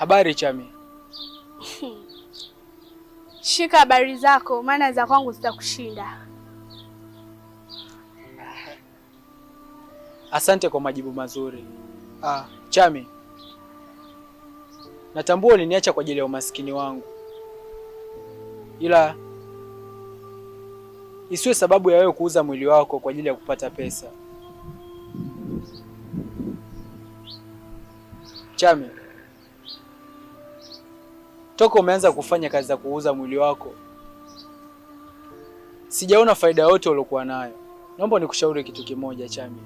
Habari Chami. Shika habari zako, maana za kwangu zitakushinda. Asante kwa majibu mazuri. Ah, Chami, natambua uliniacha kwa ajili ya umaskini wangu, ila isiwe sababu ya wewe kuuza mwili wako kwa ajili ya kupata pesa Chami. Toka umeanza kufanya kazi za kuuza mwili wako, sijaona faida yote uliokuwa nayo. Naomba nikushauri kitu kimoja, Chami.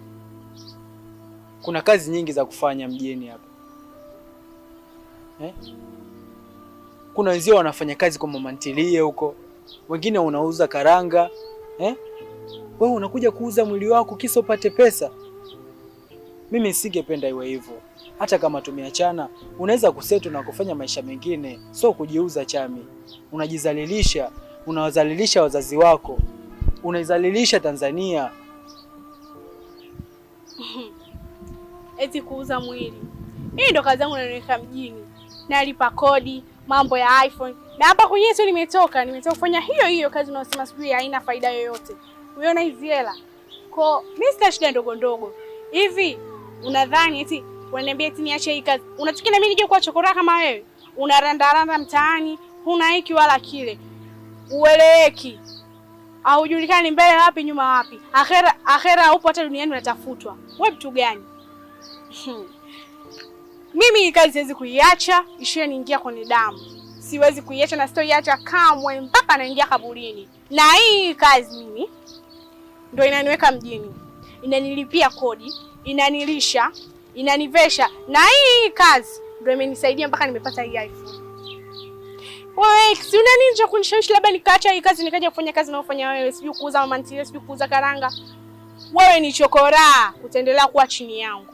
Kuna kazi nyingi za kufanya mjini hapa eh? Kuna wenzio wanafanya kazi kwa mamantilie huko, wengine unauza karanga eh? Wewe unakuja kuuza mwili wako kisa upate pesa. Mimi singependa iwe hivyo. Hata kama tumeachana, unaweza kusetu na kufanya maisha mengine, sio kujiuza. Chami, unajizalilisha, unawazalilisha wazazi wako, unaizalilisha Tanzania. Eti kuuza mwili? Hii ndo kazi yangu, naniweka mjini, nalipa kodi, mambo ya iPhone na hapa kwenye sio nimetoka, nimetoka kufanya hiyo hiyo kazi unayosema sijui haina faida yoyote. Umeona hizi hela, kwa mimi sina shida ndogo ndogo hivi Unadhani eti unaniambia eti niache hii kazi? na mimi nije kuwa chokora kama wewe? Unarandaranda mtaani, huna hiki wala kile, ueleweki, haujulikani mbele wapi nyuma wapi, akhera akhera upo hata duniani unatafutwa. Wewe mtu gani? Hmm. Mimi hii kazi siwezi kuiacha, ishia niingia kwenye damu. Siwezi kuiacha na sitoiacha kamwe mpaka naingia kaburini. Na hii kazi mimi ndio inaniweka mjini inanilipia kodi, inanilisha, inanivesha, na hii kazi ndio imenisaidia mpaka nimepata hii iPhone. Wewe si una nini cha kunishawishi labda nikaacha hii kazi nikaja kufanya kazi naofanya wewe, sijui kuuza mamantile, sijui kuuza karanga. Wewe ni chokoraa, utaendelea kuwa chini yangu.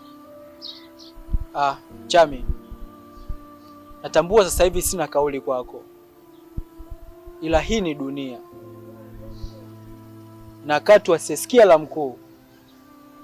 Ah, Chami, natambua sasa hivi sina kauli kwako, ila hii ni dunia na katu asiyesikia la mkuu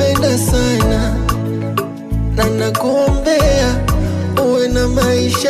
nakupenda sana na nakuombea uwe na maisha